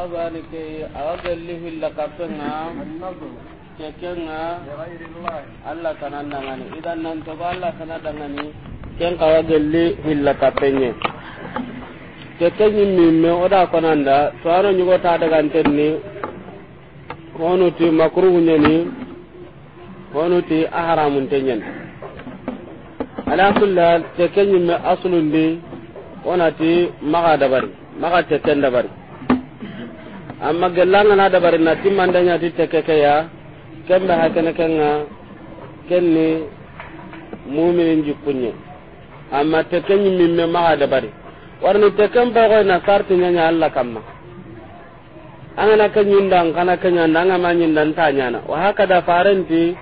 abanike awagalli hilla kapenga kekenga allah kana dangani idan nan togo allah kana dangani ken kawagalli hilla kapenye kekenyi mimme oda konanda toano nyugo ta dagantenni honuti makruhunyani honuti aharamuntenyen ala kulla kekenyimme asulundi onati maga dabari maga teken dabari amma gellanga na dabari na da nya titte keke ya kembe na kenga ni mu'minin jikkunye amma teke me ma ha dabari warni teke ba go na sarti nya nya Allah kamma angana kanyinda kana kanyanda ta nya na wa hakada farenti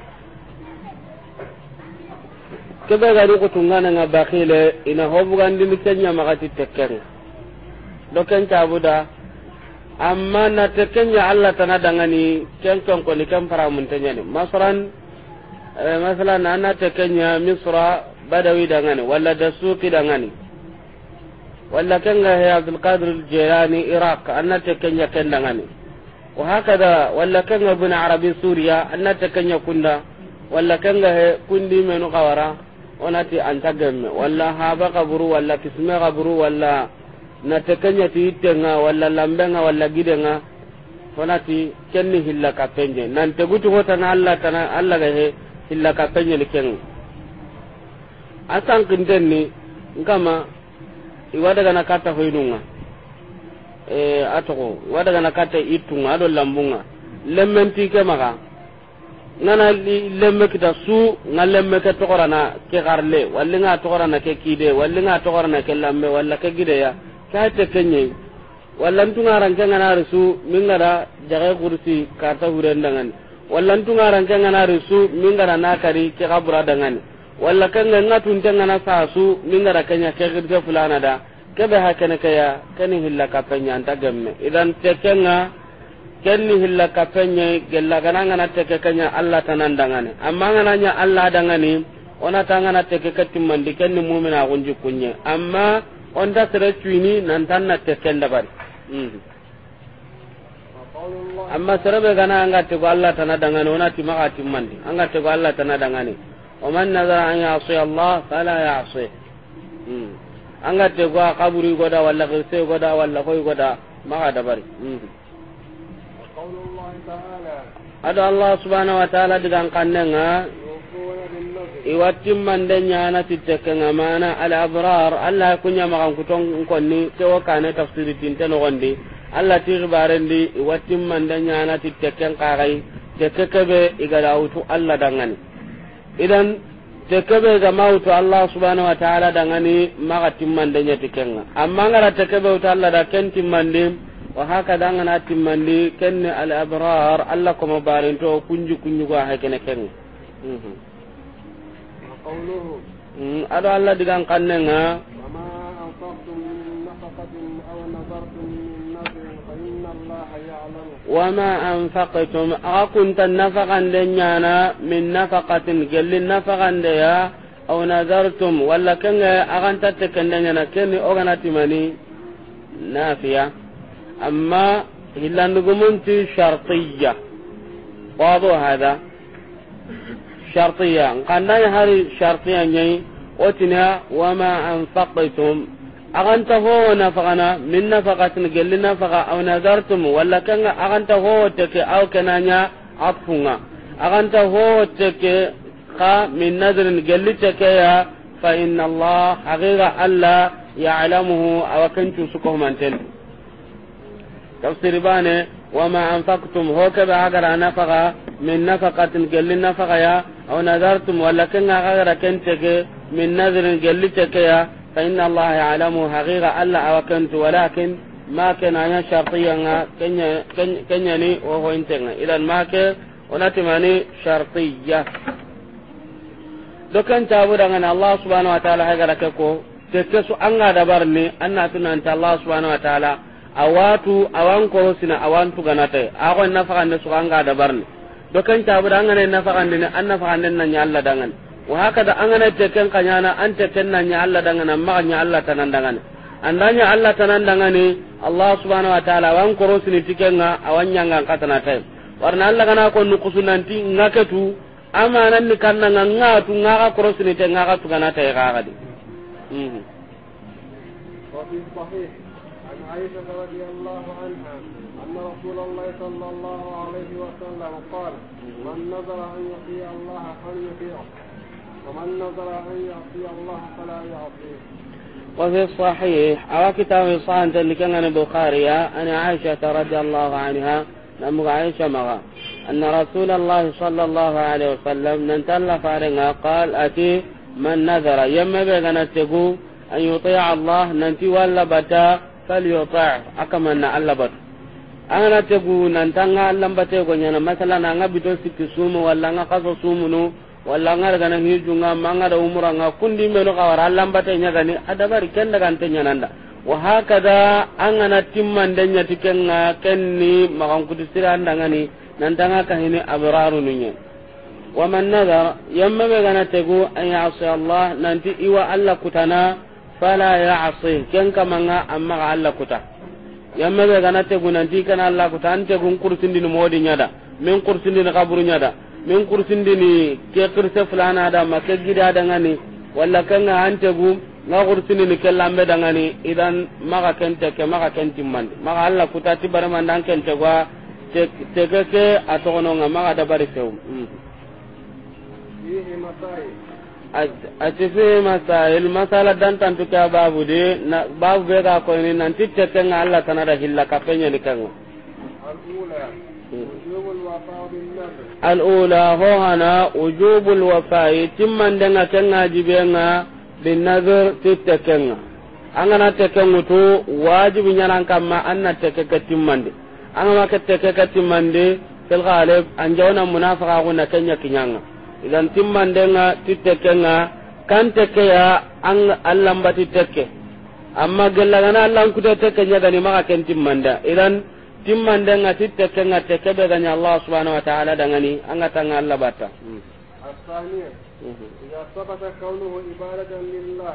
kebe gani kutungana nga bakile ina ma kenya makati tekken do ken buda. amma na ta kenya Allah tana dangani ken kan ko kan fara mun ta nyani masran eh, masalan na ta kenya misra badawi dangani walla da suki dangani walla kan ga ya abdul qadir al jilani iraq anna ta kenya kan dangani wa hakada walla kan ga ibn arabi suriya anna ta kenya kunda walla kan ga kundi menu kawara onati antagamme walla haba kaburu walla kisma kaburu walla na tekenya ti itenga wala lambenga wala gidenga honati kenni hilla kapenye nan hota na alla tana alla ga he hilla penje ni ken asan ni ngama iwada gana kata hoinunga e atoko iwada gana kata itunga ado lambunga lemmenti ke maga nana lemme kita su nga lemme ke tokorana ke garle walli nga tokorana ke kide walli nga tokorana ke lambe walla ke gide ya kate kenye wallantu ngaranke ngana risu mingara jaga kursi kata huren dangan wallantu ngaranke ngana risu mingara nakari ke kabura dangan walla kanga ngatun tangana sasu mingara kenya ke girde fulana da kebe hakene kaya kani hilla kapenya anta gemme idan tekenga kenni hilla kapenya gella kana ngana teke kenya alla tanan dangane amma ngana nya alla ni ona tangana teke katimandi kenni mu'mina gunjukunye amma da sere cuini nantan na tekken bari. amma be gana anga ko allah tana dangane onati maga timmandi anga ko allah tana dangane man nazara an yasi allah fala yasi anga tego a kaburi goda walla kirse goda walla koy goda da bari. ado allah subhanahu wa ta'ala digan kannenga nyana ñana tittekkenga mana al abrar allah kuñamakan kuton konni kewo kane tafsiri tinte nogondi allah ti mande nyana ñana tittekken kaxay te kekebe igada wutu alla dangani idan te kebe gama mautu alla subhanahu wa taala dangani maxa mande nyati kenga amma ngara te kebe wutu alla da ken timmandi wa hakada ngana timmandi ken al abrar allah komo barinto kunji kunju a hakene kenga mm -hmm. Hmm, ado Allah digan kanne nga wama anfaqtum akunta nafaqan de nyana min nafaqatin gelli nafaqan de ya aw nazartum wala kenga aganta te kenda nyana keni ogana timani nafiya amma hilandugumunti syartiyya wadu hada shartiya nkandani hari shartiya nyai otina wama anfaqtum aganta howo nafagana min nafagatin gelli nafaga aw nazartum walla kanga aganta howo teke aw kenanya atfunga aganta howo teke ka min nadrin gelli tekeya fa inna allah haqiqa a ya'lamuhu awakancu sukohumantel tafsir bane وما أنفقتم هكذا أجر نفقة من نفقة قل نفقة يا أو نذرتم ولكن كنا أجر كنتك من نذر جلتك يا فإن الله يعلم حقيقة ألا أو كنت ولكن ما كان أنا شرطيا كن كنيني وهو إنتنا إلى ما كان ونتمني شرطية دكان tabura ngana الله سبحانه وتعالى ta'ala hagara تكسو tekesu anga أن annatuna anta الله سبحانه وتعالى awatu awan korosina awan tuganate ako na fakande suka anga barne do kan ta da ngane na fakande ne an na fakande na nya Allah dangan wa haka da angane te kan kanyana an te ten na nya Allah dangan amma nya Allah tanan dangan andanya Allah tanan dangan ne Allah subhanahu wa ta'ala awan korosini tikenga awan nyanga katana tay warna Allah kana ko nukusunanti ngaketu amanan ni kanna ngatu ngaka korosini te ngaka tuganate gaga di mhm. عائشة رضي الله عنها أن رسول الله صلى الله عليه وسلم قال من نذر أن يطيع الله فليطيعه ومن نذر أن يعصي الله فلا يعصيه وفي الصحيح أرى كتاب الصحيح اللي كان البخاري أن عائشة رضي الله عنها نمغ عائشة مغا أن رسول الله صلى الله عليه وسلم ننتلى فارنها قال أتي من نذر يما بيغنا تقو أن يطيع الله ننتي ولا بتا falyuta akamanna allah bat angana tegu nantanga nyana masala na anga bito sikki sumu walla nga kaso no walla nga daga nan hijunga manga da umura nga kundi meno kawara allambate nyagani adabari kenda gante nyananda wa hakada angana timmande nyati kenga kenni makan kutisira andangani nantanga kahini abraru nunya wa man nadar yamma be gana tegu an ya'si nanti iwa allah kutana fala ya asi ken kamanga amma Allah kuta yamma be ganate gunanti kana Allah kuta ante gun kursindini modi nyada min kursindini kaburu nyada min kursindini ke kirse fulana da ma ke gida dangani walla kanga ante gu nga kursindini ke lambe da dangani idan maka te ke maka kenti mandi maka Allah kuta ti barman dan te gwa te ke ke atogono nga maka dabari sew mm. ati fi masaya masala dan tantu ka babu de na babu be ga ni nan titta kan Allah tana da ka penya ni kan al-ula ho na teke mutu idan timmandenga tittekenga kante keya an allambati tekke amma gellagana allankute tekke ñagani maga ken timmanda idan titeke nga teke ɓe gani allah subhanau wa taala dangani anga tanga allah batta إذا ثبت كونه عبادة لله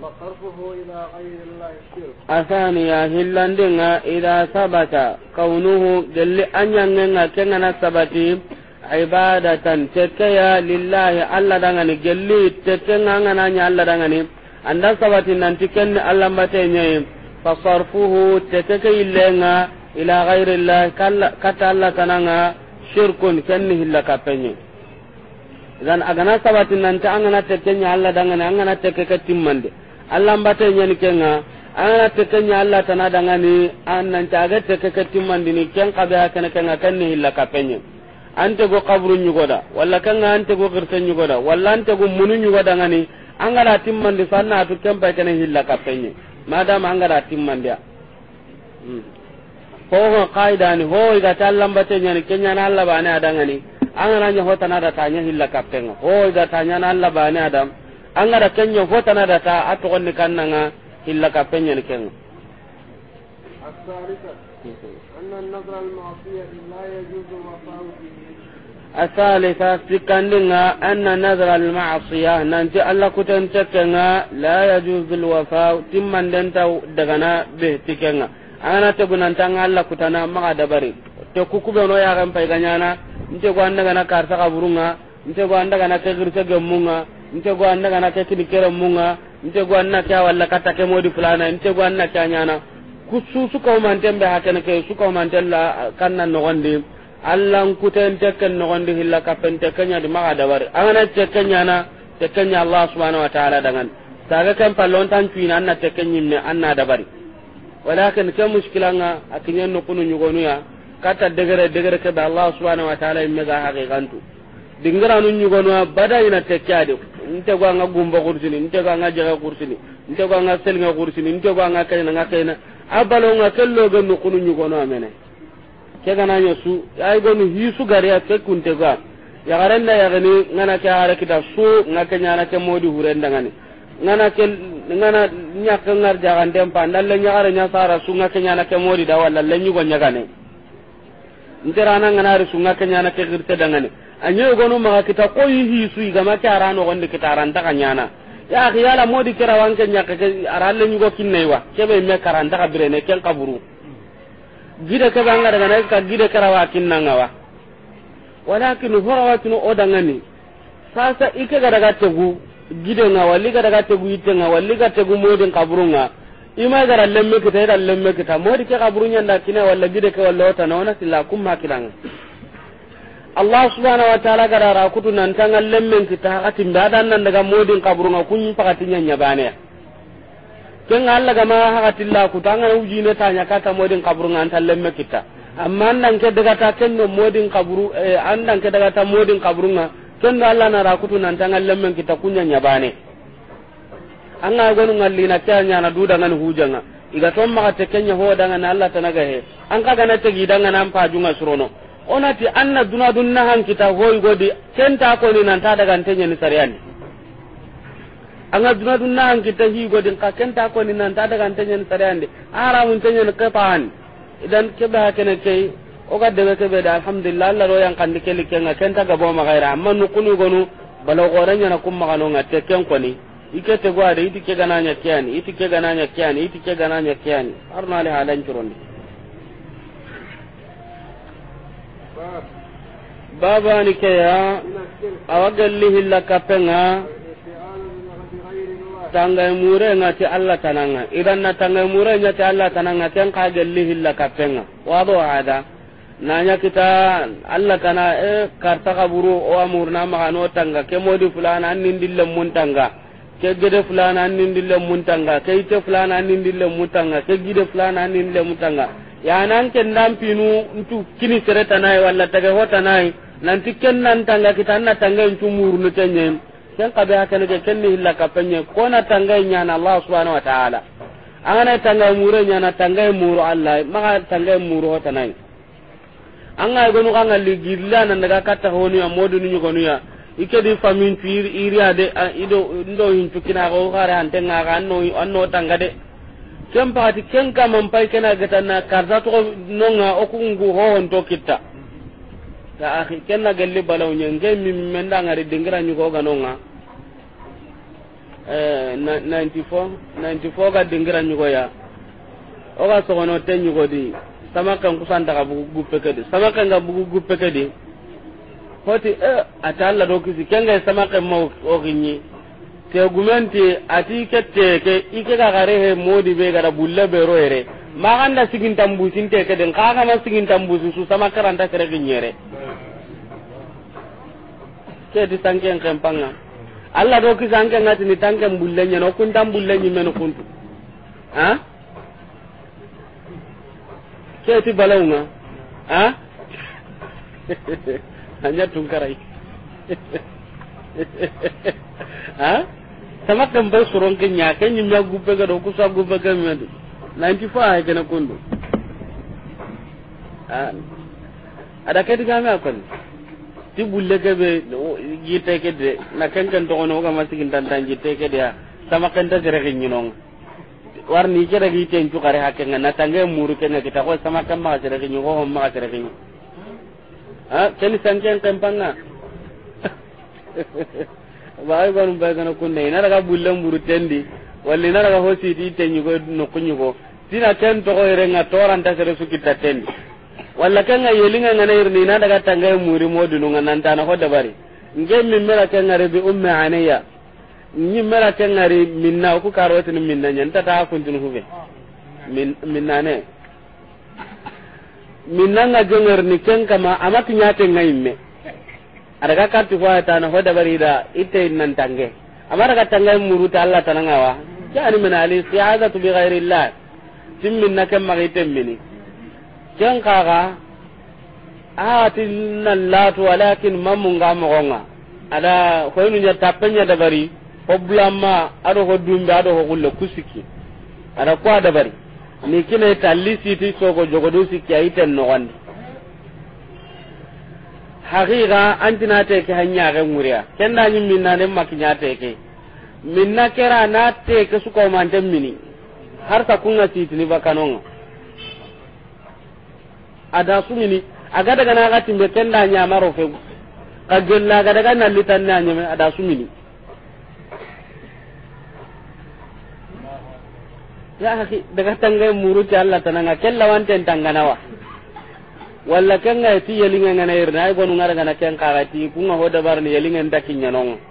فصرفه إلى غير الله شرك الثانية هلاندنا sabata ثبت كونه جل أن ينغنى كنغنى sabati. ibadatan tekeya lillahi allah dangani gelli teke ngangananya allah dangani anda sabati nanti kenni allah mbatenye fasarfuhu teke ke illenga ila ghairi llah kata allah tananga shirkun kenni hilla kapenye dan agana sabati nanti angana tekenya allah dangani angana teke ke timmande allah mbatenye ni kenga angana tekenya allah tana ni an nanti aga teke ke timmandini ken kabe hakene kenga kenni hilla kapenye ante go qabru nyugoda walla kanga ante go girse nyugoda walla ante go munu nyugoda ngani angara di sanna atu kempa kene hilla kapenye madam angara timman dia ho hmm. ho ni ho iga tallambate nyani kenya na alla bane adangani angara nya hota na data nya hilla kapenga ho iga tanya na alla bane adam angara kenya hota na data atu konni kannanga hilla kapenya ni kenga الثالثة أن النظر المعصية لا يجوز وفاؤه الثالثة سكندنا أن نذر المعصية ننتي الله كتن تكنا لا يجوز الوفاء تمن دنتا دغنا به تكنا أنا تبنا نتنا الله كتنا ما دبري تكوكو بنو يا غم بيغنانا نتي قوان دغنا كارتا قبرونا نتي قوان دغنا تغير تغمونا نتي قوان دغنا تكني كرمونا نتي قوان نكا ولا كتاكي مودي فلانا نتي قوان نكا نانا kusu suka umanten be hakene ke suka umanten la kannan nogondi allan kuten tekken nogondi hilla kappen tekkenya di maga dabari angana tekkenya na tekkenya allah subhanahu wa ta'ala dangan saga kan pallon tan cuina anna tekken yimme anna dabari walakin ke muskilanga akinyen no kunu nyugonu ya kata degere degere ke da allah subhanahu wa ta'ala yimme ga haqiqantu dingara nu nyugonu bada ina tekkadi nte go nga gumba kursini nte go anga jaga kursini nte go nga selinga kursini nte go anga kayna nga kayna abalo nga kello ga no kunu nyugonu amene ke su ay gonu hisu gari ya ke kunte ga ya da ya gani ngana ke hare kita su ngake nyana ke modi hurenda ngani ngana ke ngana nya ke ngar jagan dempa dalle nya are nya sara su ngake nyana ke modi da walla lenyu go nya gane nterana ngana su ngake nyana ke girte dangane anyo gonu ma kita ko hisu ga ma ke arano gonde kita aranta nyana ya khiyala modi kera wanke nya ke aralle nyugo kinne wa kebe me karanta ka birene ke kaburu gida ke banga daga na ka gide kin nan wa walakin horawatinu o dangani sasa ike ga daga tegu gide nga walli ga daga tegu ite na wali ga tegu modin kaburunga ima gara lemme tayi ida lemme ta modi ke kaburunya nda kina wala gide ke wala ota na wana sila ma kilanga Allah subhanahu wa ta'ala gara kutu nan tanga lemme ta hatin da dan nan daga modin kaburunga kun pakatinya nyabane ken Allah ga ma hakatilla ku tanga ujine tanya kata modin kaburu ngan me kita amma nan ke daga ta ken no modin kaburu andan ke daga ta modin kaburu nga ken no eh, Allah na rakutu nan tanga lemmen kita kunya an ga gonu ngalli na tanya na duda ngan hujanga iga ton ma ta kenya ho da na Allah naga he an ka ga na ta gidanga nan pa junga surono onati anna dunadun nahan kita hoy godi ken ta ko ni nan ta daga tanya ni sariyani anga duna duna an kita hi din ka kenta ko ni nan ta daga tanyen sarande ara mun tanyen ka pan idan ke ba kana kai o ga daga ke be da alhamdulillah Allah ro yang kan dikeli ken kenta ga bo ma gaira amma nu kunu gonu bala goranya na kuma kanu ngate ken ko ni ike te gwa de itike gana nya kiani itike gana nya kiani itike gana nya kiani arna le halan ni. baba ni ke ya awagalli hilla kapenga tanga mure nga ti Allah tananga idan na tanga mure ti Allah tananga ken ka gelli hilla kapenga wado ada nanya kita Allah kana e eh, karta kaburu o ma no tanga ke modi fulana annin dille mun tanga ke gede fulana annin dille mun tanga ke ite fulana annin dille mun tanga ke gede fulana annin dille mun tanga ya nan ken dan pinu ntu kini sereta nai walla tage nai nanti ken nan tanga kita na tanga ntu murnu tenyen ken kabe hakene ke ken hilla kapenye kona tangai nyana allah subhanahu wa ta'ala angana tangai muru nyana tangai muru allah maka tangai muru hota nai anga gonu kanga ligilla nan daga katta honu ya modu ni gonu ya ike di famin tir iriya de ido ndo hintu tukina go hare hante ngaga anno anno tanga de ken pati ken kamam pai kena gatana karza to nonga okungu ho hon kitta ta akhi kenna galli balaw nyen ngem min men da ngari dingira nyugo ga nonga eh 94 94 ga dingira nyugo ya o ga so gono ten nyugo di sama kan kusan daga bugu guppe kedi sama kan ga bugu guppe kedi hoti eh atalla do kisi kenga sama kan mo o ginyi te gumenti ati kette ke ike ga gare he modi be gara bulle be ro ere maganda sigin tambusin te keden kaga na sigin tambusin su sama karanta kare ginyere ke di tanken kempanga alla do ki sanke ngati ni tanken bullenya no kun tam bullenya men kun ha ke ti balaunga ha hanya tungkarai ha sama kan bai suron kenya kan yin ya gubbe ga do kusa gubbe ga medu nanti fo ay a kundu ada kadi mai akwai ti bulle kebe jite kede na kan to gono gama sigin tan tan jite kede ya sama kenta jere kinyinon warni kede gi ten cukari kare nga na tange muru kenga kita ko sama kan ma jere kinyi ko ma jere kinyi ha keni sanken na ba ba gonu ba gana kunne ina daga bulle muru tendi walli naraga ho siti itte ñigo nokku ñigo tina ken togo yerenga toranta sere sukitta ten walla nga yelinga ngana irni na daga tanga muri modinunga na ho dabari nge min mera kenga rebi umme aneya nyi mera kenga ri minna ku ni minna nyanta ta kuntinu hube min minna ne minna nga jonger ni ken kama amati nyate ngaimme adaga kartu ko ta na ho dabari da ite nan tange amara ka tanga muru ta Allah tananga wa يعني من عليه استعاذة بغير الله تم منا كما مني كان قاغا آتنا اللات ولكن ما منغا مغنغا ألا خوينو نتاقن يدبري hoblama aɗo ho dumbe aɗo ho gulle ku sikki aɗa ko ni kina talli siti sogo jogodu sikki ayiten nogondi haqiqa antinateke ha ñaxe ŋuriya kenda ñimminnane makki ñateke minna kera na te ke su ko man dem mini har ta kunna kunga titini bakanonga ada su mini aga daga na gatin be tenda nya maro fe ka gella ga daga na litan na nya ada su mini ya haki daga muru muruti Allah tananga kella wan wanten tangana wa walla kan ga ti yelinga ngana irna ay gonu ngara ngana ken kaati kunna hoda barni yelinga ndakinya nonga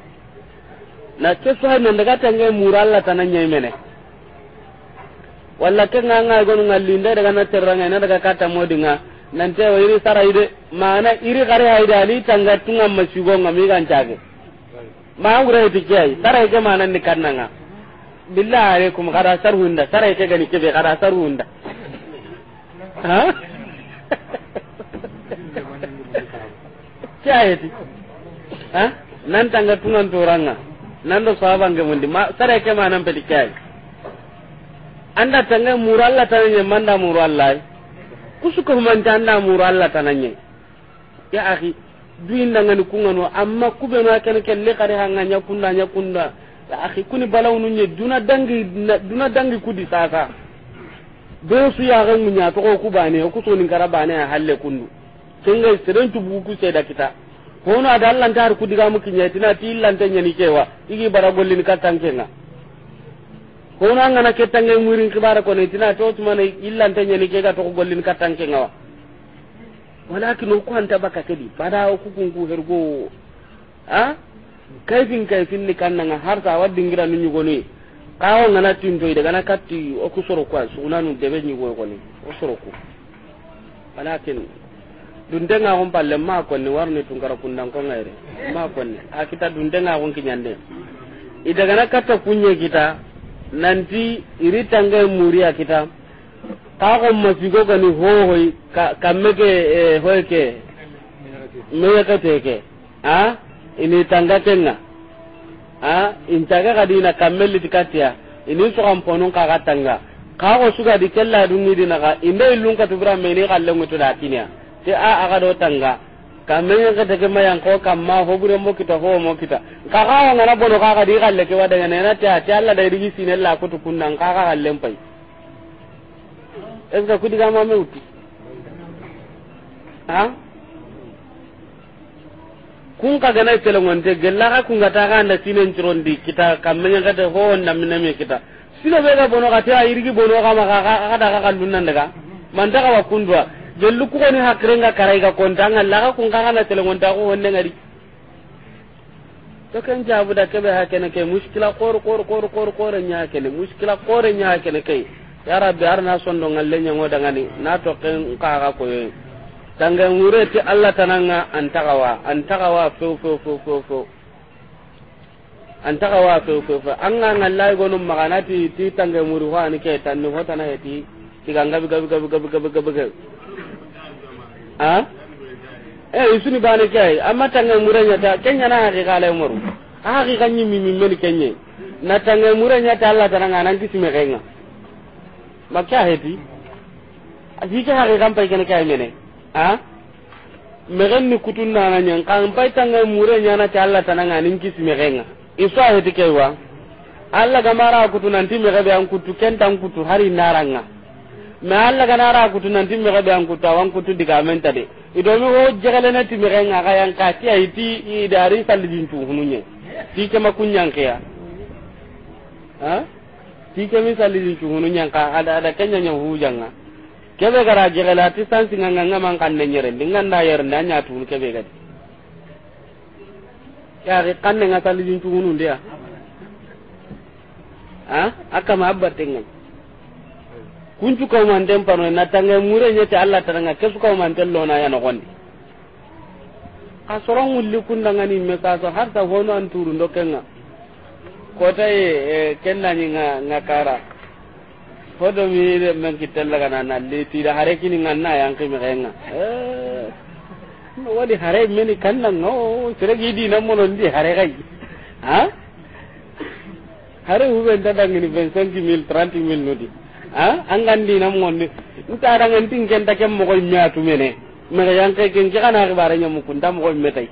na kesu hay nan daga tange muralla tananya e mene walla ke nga nga e gonu ngalinda daga na terranga na daga kata modinga nante wa iri sara ide mana iri kare hay dali tanga tunga masigo nga mi kan cage ma ngure e tikai sara ke mana ni kannanga billahi alaikum kada sarhunda sara ke gani ke be kada sarhunda ha kayeti ha nan tanga tunga toranga nan do sahaba nge mundi ma sare ke ma nan pedi kai anda tanga muru Allah tananye manda muralla Allah kusu ko man tanda muru Allah tananye ya akhi duin danga ni kungano amma kube na akan ken le kare hanga nya kunda nya kunda ya akhi kuni balaw nu nye duna dangi duna dangi kudi sasa be su ya ga munya to ko kubane ko to ni karabane halle kundu kenga seren buku ku da kita kono ada diga har kudigamu kiñetina ti illanta ñani kewa igi bara golli ni gollini kattankenga kono angana kettange murin ki kibara kono itina to tuma ne tumana illanta ñani kega ni gollini kenna wa walakin ku anta baka kedi bada kungu hergo a kayfin kayfin ni kan kannanga har ta sa waddingira nu ñugoni kawo ngana tin to daga na katti o ku soro kwa sugunanu debe ñugoy koni o soro ku walakin dundenga gon balle ma konni warni tungara kundan ko ngaire ma konni a kita dundenga gon kinyande idaga na katta kunye kita nanti iri tanga muriya kita ka ko masigo ni ho hoy ka mege hoy ke meya ka teke a ini tanga tenga a intaga kadina kammelli tikatiya ini so kan ponon ka katanga ka ko suga dikella dunni ka inde illun ka tubra meni kallengu to datinya ti a aga do tanga kamme ga daga mayan ko kam ma ho bure mo kita ho mo kita ka ga wa na bono ka ga di galle ke wada ne na ta ta Allah da rigi sine la ko tukunnan ka ga galle mpai es ga kudi ga ma me uti ha kun ka gana telongonte gella ka kun gata ka na sinen cirondi kita kamme ga da ho na miname kita sino be ga bono ka ta irigi bono ka ma ka ga da ka kan dunnan daga man daga wa kundwa jellu ko ni hakrenga karaiga kontanga ga kun kana tele ta ko wonne ngari to kan jabu da kebe hakene ke muskila kor kor kor kor kor nya hakene muskila kor nya hakene kai ya rabbi arna sondo ngalle nya ngoda ngani na to ken ka ga ko tanga ngureti allah tananga antagawa antagawa fo fo fo fo fo antagawa fo fo fo anga go gono maganati ti tanga muri wa ni ke tanni hotana ti diga ngabi gabi gabi gabi gabi gabi gabi a ah? eh isuni bane kai amma tanga murenya ta kenya na hadi kala umaru a hadi kanyi mimi meli kenye na tanga murenya ta Allah taranga nan kisime kenga makya heti hike hadi kan pai kana kai mene ha megen ni kutun na na nyan kan pai tanga muranya na ta Allah taranga nan kisime kenga isa heti kai wa Allah gamara kutunan ti mege be an kutu kenta an kutu hari naranga ma alla kana ra kutu nan timmi ga be an kutu awan kutu diga men ta de ido mi ho jegele na timmi ga nga ga yang ka ti ai ti i dari sal din tu hununye ti ke makunyang ke ya ha ti ke mi sal din tu hununye ka ada ada kenya nya hu janga kebe gara jegele ati san singa nga nga man kan ne nyere dingan da yer na nya tu kebe ga ya ga kan ne nga sal din tu hunun dia ha akama ma abbatenga kuncu kaumanten pano na tange mure nyete allah tananga kesu ngulli me har ta hono ndokenga e, e, nga nga kara hodo mi re kana na le tira hare kini yang eh, wadi hare no na mono ndi hare kai ha hare uben tadangini 25 a angandi na monne ntara nganti ngenta kem mo koy miatu mene mega yanke ken kana ribare nyamu ko mo koy metai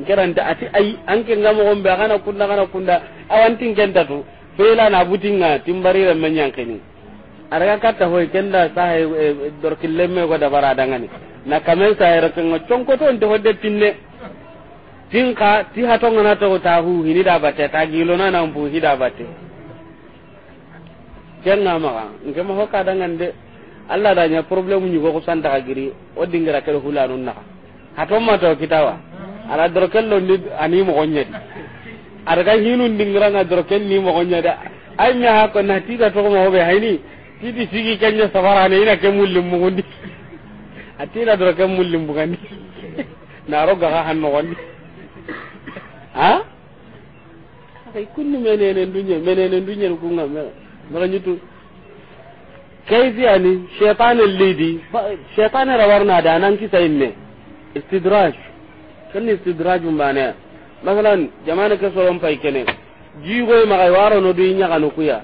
ngeranta ati an anke ngam ko mbaga kana kunda kana kunda awanti ngenta tu fela na butinga timbari e, re menyanke ni araga katta hoy kenda sahay dorkille me go dabara dangani na kamen sahay re ken chonko to nte hodde pinne ka ti hatonga na to ta hu hini da ta gilo na na mbu hida bate ken ma maga nke ma hoka dangan de Allah da nya problem ni go san daga giri o dingira kala na ha to ma to kitawa ala lo ni ani mo gonya di ada ga hinu dingira na dorkel ni mo gonya da ay nya ha ko na ti da to mo be hayni ti sigi nya safara ne ina ke mullim mu gundi atira dorkel mulim bu gani na ga ha hanno gondi ha ay kunni menene dunye menene dunye ku ngam maganyitu kaifi ani shaytan lidi shaytan rawarna da nan kisa inne istidraj kan istidraj mbane masalan jamana ka soron pai kene jigo ma kay waro no duinya kanu kuya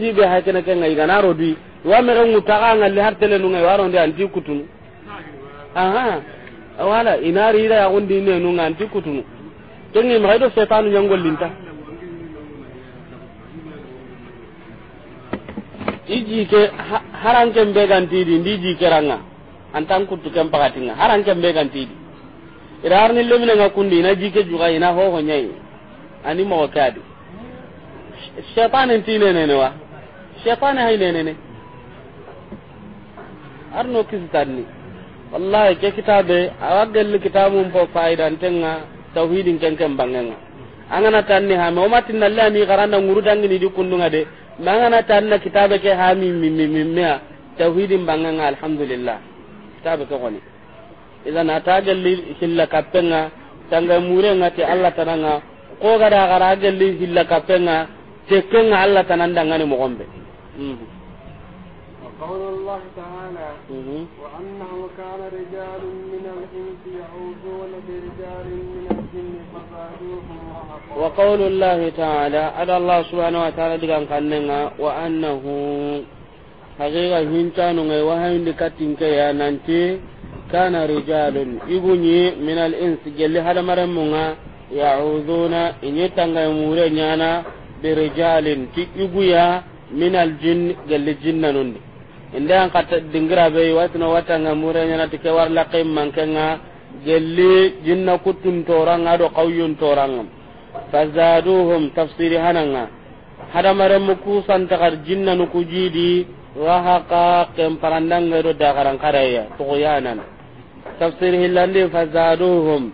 ji be hakene kan ngai ro di wa me ran mutaka ngal har tele nu ngai waro ndi anti kutun aha wala inari ida ya gundi ne nu nganti kutun to ni ma do shaytanu nyangol linta ke ke haranken be gantidi ndi jikeranga antan kuttu ken pakatinga haranken be gantidi irarni nga kundi ina jike juga ina hoho nyai ani mogo kadi shaitane nti nenene wa shaitane hay nenene arno ni wallahi ke kitabe awa kitabu mpo faida ntenga tawhidin kenken bangenga angana tanni hame omatinnalle ani garanda ngurudangini di kundunga de mangana tanna kitabe ke ha mi mi mi mi mi tauhidin banganga alhamdulillah kitabe ke koni idan ata galli hilla kapenga tanga mure ngati allah tananga ko gada gara galli hilla kapenga tekenga allah tananda ngani mo gombe mm -hmm. قول الله تعالى وأنه كان رجال من الإنس يعوذون برجال من الجن فزادوهم رهقا وقول الله تعالى على الله سبحانه وتعالى دقان قلنا وأنه حقيقة هنتانو وهين لكتن كيا ننتي كان رجال يبني من الإنس جل هذا مرمونا يعوذون إن يتنغي مورنيانا برجال تيبويا من الجن جل جنة نندي inde an katta dingira be watno watanga murenya na tike war laqim mankenga gelli jinna kutun toranga do qawyun toranga fazaduhum tafsiri hananga hada mare muku santakar jinna nu kujidi wa haqa kem parandanga do dagaran karaya tuyanan tafsir hilande fazaduhum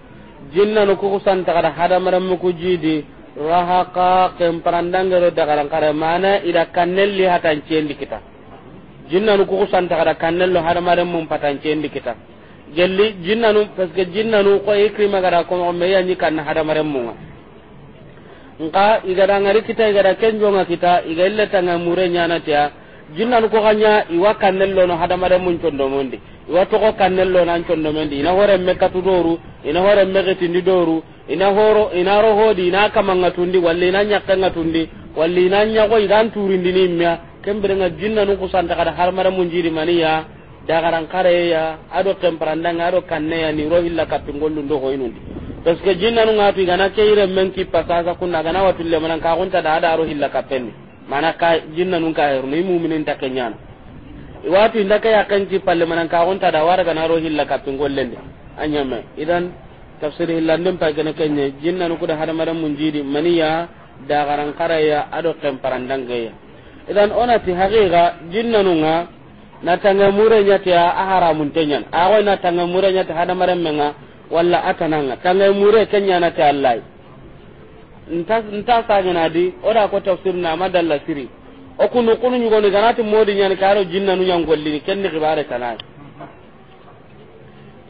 jinna nu ku santakar hada mare muku jidi wa haqa kem parandanga do dagaran karaya mana ida kannelli hatan cendi kita jinnanu ku santa kada kannello hadamaren mun patancendi kita gelli jinnanu parce que jinnanu ko ikrima gara ko me yanyi kan hadamaren mun nka igada ngari kita igada nga kita iga ille tanga mure nyana tia jinnanu ko ganya iwa kannello no hadamaren mun condo mondi iwa to ko kannello nan condo mondi ina hore me katudoru ina hore me getindi doru ina horo ina rohodi ina kamanga tundi walli ina nyakka ngatundi walli ina nyago idan turindi nimya nga jinna nu kusanta kada har mara jiri maniya dagaran kare ya ado kemparandanga ado kanne ya ni rohilla kapingollu ndo hoyinundi parce que jinna nu ngatu gana ire men ki pasasa kunna gana watulle manan ka gunta da ada rohilla penni mana ka jinna nu ka heru ni mu'minin takenyana watu ka ya kanji palle manan ka gunta da warga na rohilla kapingollende anyama idan tafsir ndem pa gana kenye jinna nu kuda har mara jiri maniya dagaran kare ya ado ngaya idan onati haqiqa jinnanunga natanga mureñatea a haramun teñan axoy natanga mureñate hadamarenmenga walla atananga tanga mure kenyanate allahy nta nta o oda ko tafsir na madalla siri o kunu kunu ni ganati modi nyani karo jinna nu ni kenni gibare tanai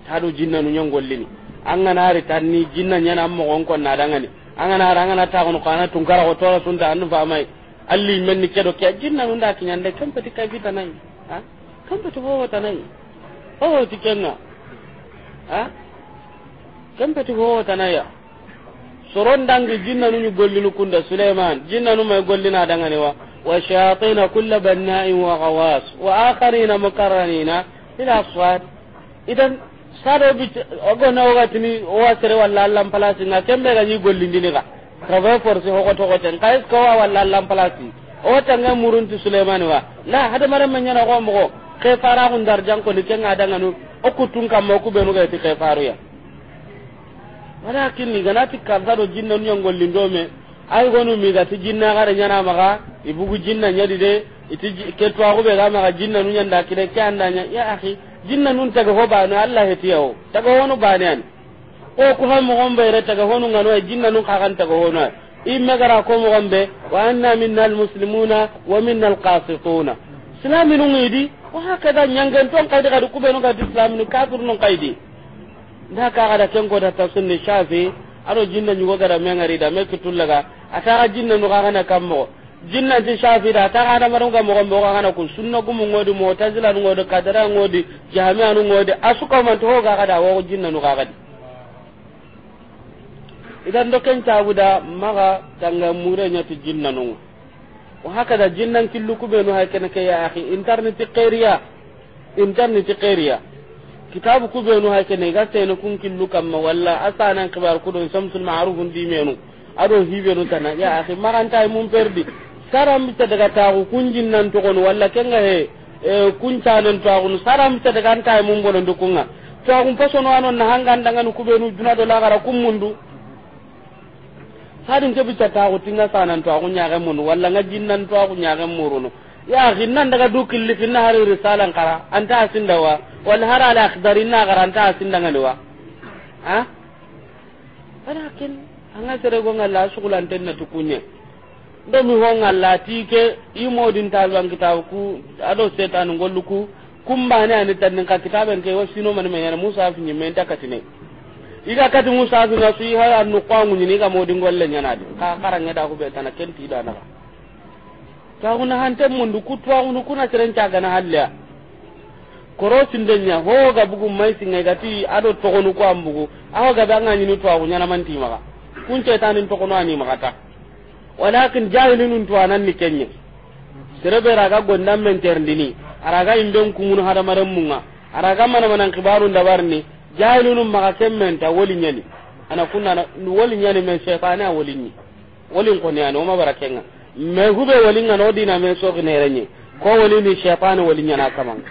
tadu jinna nu nyangollini anganari tanni jinna nyana ammo gonko na dangani anganari na ta kono kana tungara ko tola sunta anu famai alli men ni kedo ke jinna nda kinyande kampati ka vita nai ha kampati ho wata nai ho ti kenna ha kampati ho wata nai soron dangi jinna nu gollinu kunda suleiman jinna nu mai gollina dangane wa wa shayatin kullu banna'in wa ghawas wa akharin mukarranina ila aswat idan sado bi ogona ogatini o wasere walla allan palasi na kembe ga ni gollindini ga kabe forsi hokoto koten ko kawa walla lam palasi o tanga murunti sulaimani wa la hada mara manya na ko moko ke fara hun jang ko dike ngada nganu o kutun kam ko benu ga ti ke faru ya walakin ni ganati kaza do jinna nyon gollin do me ay gonu mi ga ti jinna gare nyana maga ibugu jinna nyadi de iti ke to ko be ga maga jinna nu nyanda kire ke andanya ya akhi jinna nun taga ho banu allah hetiyo taga wonu an. ko ku ha mogon be re taga honu ngano e jinna nu ka kan taga honu imme gara ko mogon be wa anna minna almuslimuna wa minna alqasituna islamin ngidi wa da nyangen ton kayde kadu nun ga islamin kafir nun kaydi nda ka kada ken ko da tafsir shafi aro jinna nyugo gara mengari da me kutullaga atara jinna nu ka kana kammo jinna ti shafi da ta hada marunga mo gombo ga kana kun sunna gumu ngodi mu'tazila ngodi kadara ngodi jahmiya ngodi asuka man to ga kada wo jinna nu ga kada idan do ken tabuda maga tanga mure nya tu jinna no wa haka da jinnan killu ku be benu hakana ke ya akhi internet qariya internet qariya kitabu ku be no benu hakana ga no kun killu ma walla asana kibar ku don samsul ma'ruf ndi menu ado hibe no tan ya akhi maranta mun perdi saram bita daga tagu kun jinnan to kon walla kenga he e, kun tanen to agun saram bita daga antai mun bonon dukunga to agun fasono anon na hangan no ku be no duna do gara kum mundu hadin ke bica ta ko tinga sanan to aku nyaga mun walla nga jinnan to aku nyaga muruno ya ginnan daga dukil li finna hari risalan kara anta asinda wa wal hara ala akhdarinna kara anta asinda ngalewa ha walakin anga sere go ngalla sukulan tenna tukunya do mi ho ngalla tike imodin talwan kitabu ku ado setan ngolluku kumbane ani tan ka kitaben ke wasino man me yana musa fi nyimenta katine iga kati musa duna su ha annu qangu ni ga modin golle nyana di ka karanya da ku na kenti da na ka na hante mun du kutwa unu kuna tren ta ga na halya korosin den nya ho ga bugu mai singa ga ti ado to ko ko ambugu aho ga ba ngani ni to awu nyana man ti maka kun ce tanin to ko no ani maka ta walakin jahilun to anan ni kenye serebe raga gondam men terndini araga imben kumun hada maran munga araga mana manan kibarun dabarni jahilunum maga kemmenta woli ñani ana kunna woli ñani me shaytane a wolinni wolin koniyani woma bara kenga me hube wolinga no dina me soginereñi ko wolini shaytane woli ñana kamanga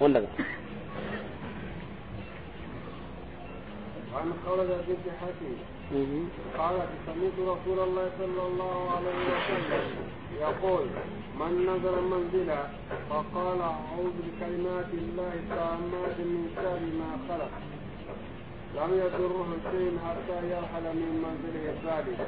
won daga خولة بنت حكيم قالت سمعت رسول الله صلى الله عليه وسلم يقول من نزل منزلا فقال أعوذ بكلمات الله التامات من شر ما خلق لم يضره شيء حتى يرحل من منزله الثالث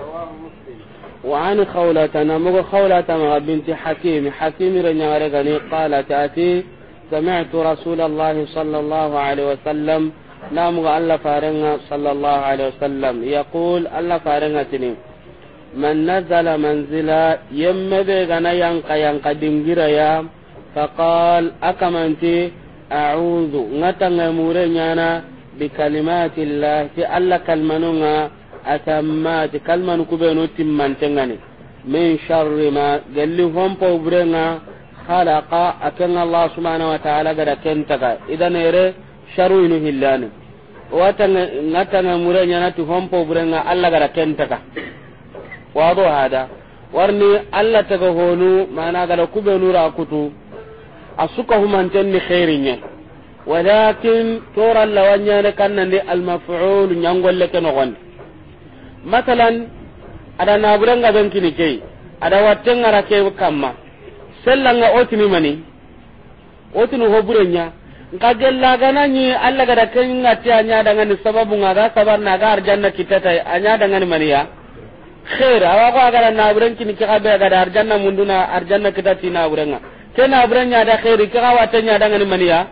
رواه مسلم وعن خولة نمو خولة بنت حكيم حكيم رنيارغني قالت أتي سمعت رسول الله صلى الله عليه وسلم نامو الله فارنga صلى الله عليه وسلم يقول الله فارنga تنين man nazala manzila yemme be gana yanka yanka dingira ya faqal akamanti a'udhu ngata ngamure nyana bi kalimati llah ti alla kalmanunga atammati kalman kubenu timmantengani min sharri ma galli hompo burenga khalaqa akan allah subhanahu wa ta'ala gada kentaka idan ere sharu inu hillani wata ngata ngamure nyana ti hompo burenga alla gada kentaka wado hada warni allah taga honu mana gada kube ra kutu asuka humantenni khairinye walakin lawanya ne lawanyane kannandi almafulu ñangolle ke nogondi matalan ada na naburenga ben kini kei ada wattengara ke kamma sellanga otini mani otini hoburenya nka ni alla gada nya a ñadangani sababu nga ga janna aga arjanna kittatay a mani ya khair awa ko agara naburen kini kika be agara arjanna munduna arjanna kita ti naburenga ke naburen nya da khair kika wata nya da ngani ya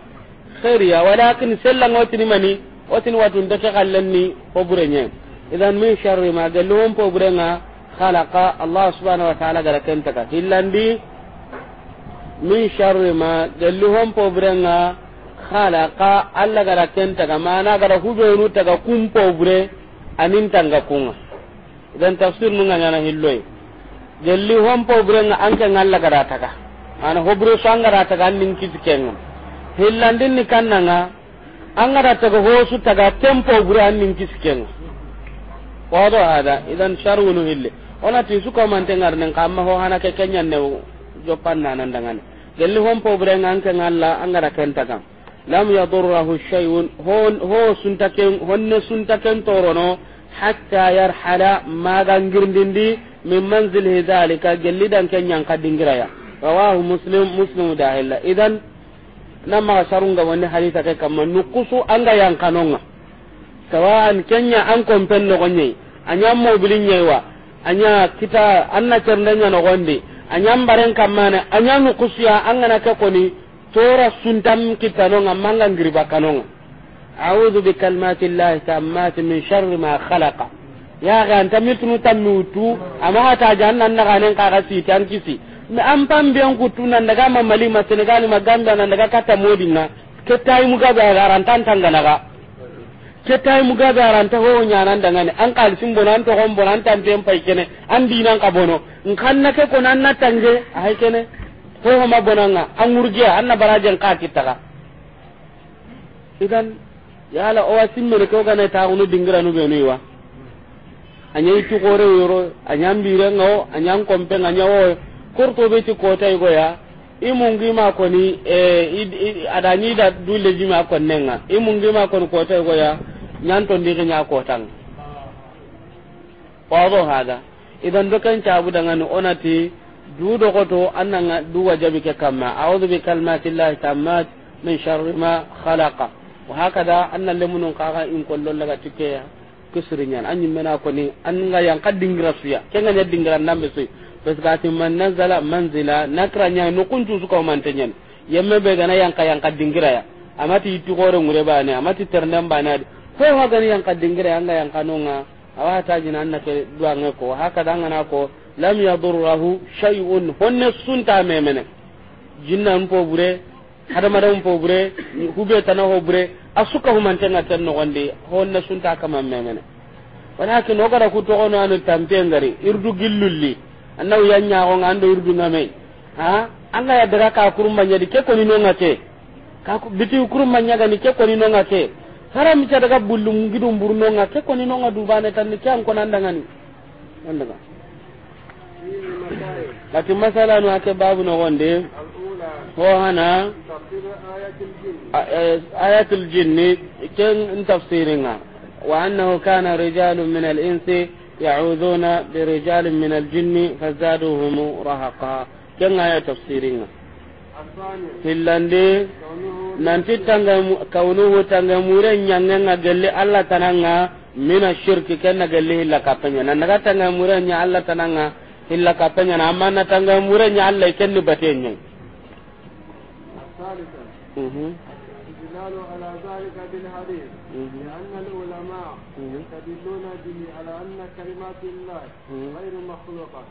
khair ya walakin sellan otini mani otini watun da kika lenni ko burenye idan min sharri ma galum po burenga khalaqa allah subhanahu wa ta'ala gara kenta ka hillandi min sharri ma galum po burenga khalaqa alla gara kenta ka mana gara hubenu taga kumpo bure anin tanga kunga idan tafsir nun ngana hilloy gelli hompo burenga anke ngalla garata ka ana hobro sanga rata ka nin kitken hillandin ni kannanga angara taga hosu taga tempo bure an nin kitken wado hada idan sharwunu hille ona ti suka mante nan kamma ho hana ke kenyan ne jopan nan dangan gelli hompo burenga anke ngalla angara ka lam yadurruhu shay'un hon ho suntaken honne suntaken torono hatta yarhala magan girdindi min manzilihi dhalika gellidan kenyan kadingiraya rawahu muslim muslimu dahilla idan nama wani nukusu anga sawa'an kenya an kompen anya kita anna anya nukusu ya angana ke koni tora suntam kita nonga manga ngiriba a'udhu bi kalimati llahi tammati min sharri ma khalaqa ya ga anta mitnu tamutu amma hata jannan na ganen ka ga siti an kisi mi an pan biyan kutu daga mamali ma senegal ma ganda nan daga kata modin na ke mu ga ga rantan tangana ga ke tayi mu ga ga ranta ho nyanan daga ne an kalsin bonan to hon bonan tan tem pai kene an dinan ka bono in na ke konan na tange ai kene ho ma bonanga an urgiya an na barajan ka kitaka yala owa simmene ke no taxunu dingiranu ɓenuyiwa añayi re yoro añan mbirenga o añan compenga aña o be ti kotayigoya e, i mungima koni adañida du lejima konnenga i mungima koni kotayigoya ñantondiriña kotanga wado hada idan dokan cabu dangani onati du to annanga du wajabi ke kama a'udhu bi kalimatillahi tammat min sharri ma khalaqa wa hakada anna lemunun kaga in kollo laga tikeya an anyi mena ko ni anga yang dingira suya kenga nya dingira nambe suya bas gati man nazala manzila nakranya no kunju suka mantenya yemme be gana yan kayang kadingira ya amati itu gore ngure ne amati ternem bane ko ha gani yang kadingira anga yang kanonga awa na ke nake duanga ko hakada na ko lam yadurruhu shay'un honne sunta memene jinna mpo bure hadamaren bure hube tana hobure asuka humantenga tan nogondi honna sunta kama memene walakin ogara ku togono anu ngari. irdu gillulli annaw yanyagonga ando irdu ngamei ha anga ya daga ka kurumba nyadi ke koni nonga ke ka biti kurumba nyaga ni ke koni nonga ke hara mi daga bullum gidu burno nga ke koni nonga dubane tan ke an konan dangani nandaga lati masala no ake babu no wonde وهنا آية الجن كن تفسيرنا وأنه كان رجال من الإنس يعوذون برجال من الجن فزادوهم رهقا كن آية تفسيرنا hillandi nanti tanga kaunuhu tanga mure nyangenga gelli Allah tananga mina shirki kenna gelli hilla kapenya nan daga tanga mure nya allah tananga hilla kapenya na amma na tanga mure nya Allah kenni batenya الاستدلال على ذلك بالحديث لأن العلماء يستدلون به على أن كلمات الله غير مخلوقة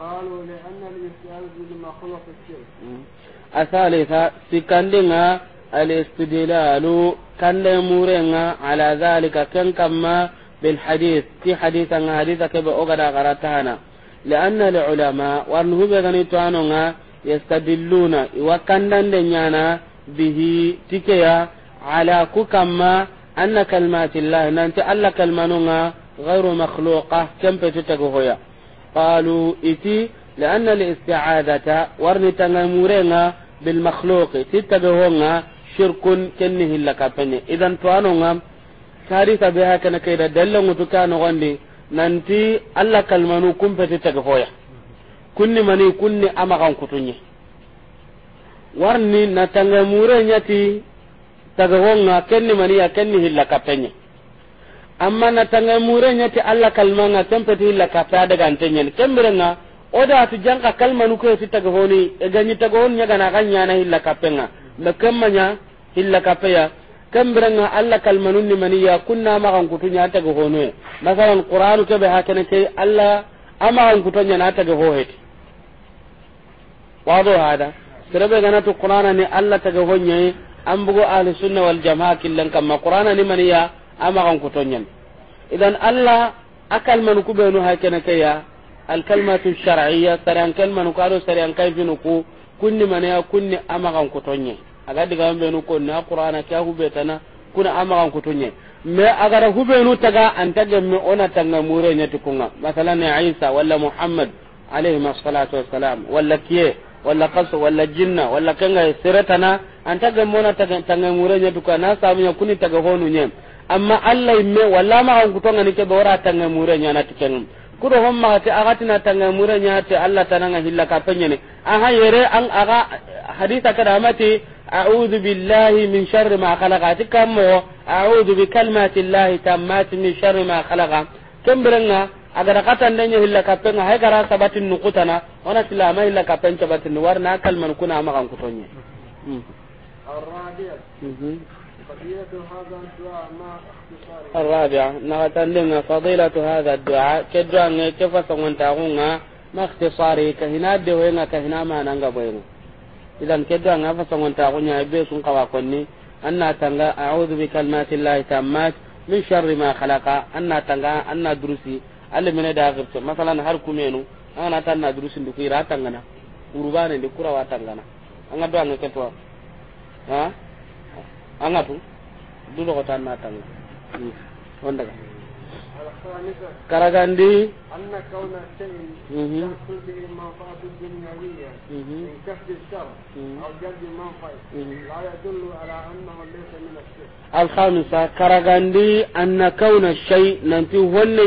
قالوا لأن الاستدلال بالمخلوق الشرك الثالثة سكندنا الاستدلال كان مورنا على ذلك كان كما بالحديث في حديثا حديثا كبه أغدا غرتانا لأن العلماء وأنه بغني توانونا يستدلون وكان دنيانا bihi tikeya ala ku kamma anna kalmatillah nanti alla kalmanunga غير مخلوقة كم بتتقهويا قالوا إتي لأن الاستعاذة ورني تنمورنا بالمخلوق تتقهونا شرك كنه لك فني إذا توانونا ثالثة بها كان كيدا دلنا تكانو غندي ننتي ألا كلمنو كم بتتقهويا كن مني كن أمغان كتنيه warni na tanga mure nyati taga wonga kenni mani ya kenni hilla kapenya amma na tanga mure nyati alla kalmanga tempeti hilla kapya daga antenyen kembirenga oda atu janka kalmanu ko ti taga honi e ganyi taga honi nyaga na ganya na hilla kapenga na kemmanya hilla kapya kembirenga alla kalmanu ni mani ya kunna ma kan kutunya taga honwe masalan qur'anu kebe hakene ke alla ama kan kutunya na taga hoheti wado hada gana ganatu qur'ana ni alla taga honye an bugo ahli sunna wal jamaa killan kamma qur'ana ni maniya ama kan kutonyen idan alla akal man ku benu hakena kaya al kalmatu shar'iyya saran kalman ku aro saran kayfinu ku kunni maniya kunni ama kan kutonye aga diga benu ko na qur'ana ka hu betana kuna ama kan kutonye me agara benu taga antage me ona tanga mure tukunga masalan masalan isa wala muhammad alayhi salatu wassalam wala kiye wala kaso wala jinna walla kenga siretana anta ga tanga nya duka na samunya kuni ga honu nya amma allah imme wala ma kan kutonga ni kebe wara tanga nya na tikeng kudo homma te agati na tanga murenye te allah tananga hilla ka a ha yere an aga ka damati amati billahi min sharri ma khalaqa tikammo كم bi بكلمات llahi tammati min sharri ma khalaqa kembrenga agara katan hilla ka gara sabatin wana silama illa ka penca batin war na kalman kuna ma kan kutonye الرابع فضيلة هذا الدعاء كيف ما كهنا دوينا كهنا ما بوينا idan kedda nga fa songon ta kunya be sun kawa konni anna tanga a'udhu durusi alle masalan har kumenu angana tan na durusindu urubane atangana kura kurawa tangana anga do anga ketwa ha anga tu du do tan na tanga hmm. onda ga karagandi anna kauna shay'in mhm dunyawiyya mhm. kasbi shar aw al khamisa karagandi anna kauna shay nanti wonne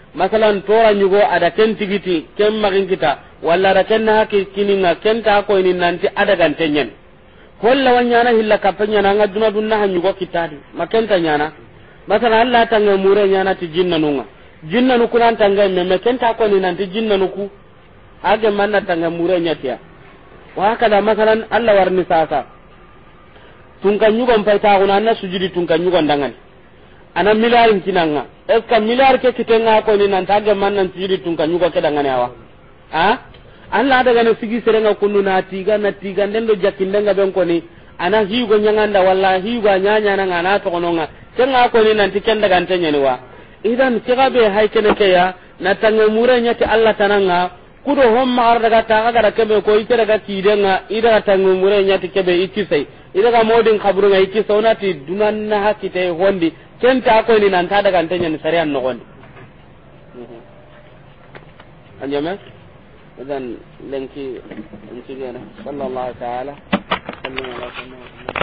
masalan tora nyugo ada ken tigiti ken magin kita wala ada ken na haki kininga ken ta ko ini nanti ada gantenyen holla wanyana hilla kapenya na ngaduna dunna han nyugo kitadi makenta nyana masalan alla tanga mure nyana ti jinna nunga jinna nu kunan tanga meme ken ta ko ini nanti jinna nuku age manna tanga mure nyatia wa kada masalan alla warni sasa tunka nyugo mpai kuna na sujudi tunka nyugo ndangani ana milari kinanga est ce que ke kitenga ko ni nan tage man nan tiri tun kan yugo ke dangane awa ha alla daga ne sigi serenga kunu na tiga na tiga den do jakindenga ben ko ni ana higo nyanganda walla higo nyanya nan ana to kononga kenga ko ni nan tiken daga antenya ni wa idan kiga be hay kene ke ya na tanga muranya ti alla tananga kudo homma ar daga ta daga kebe ko ite daga tidenga ida tanga muranya ti kebe ikisai ida ga modin kaburu ngai ki saunati dunan na hakite hondi kenta ko ni nan ta daga tanya ni sariyan no hondi mhm. anjama idan lenki inci gana sallallahu ta'ala sallallahu alaihi wa sallam